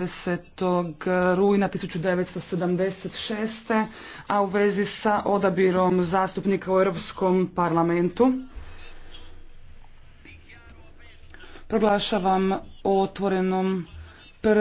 10. rujna 1976. a u vezi sa odabirom zastupnika u Europskom parlamentu. Proglašavam otvorenom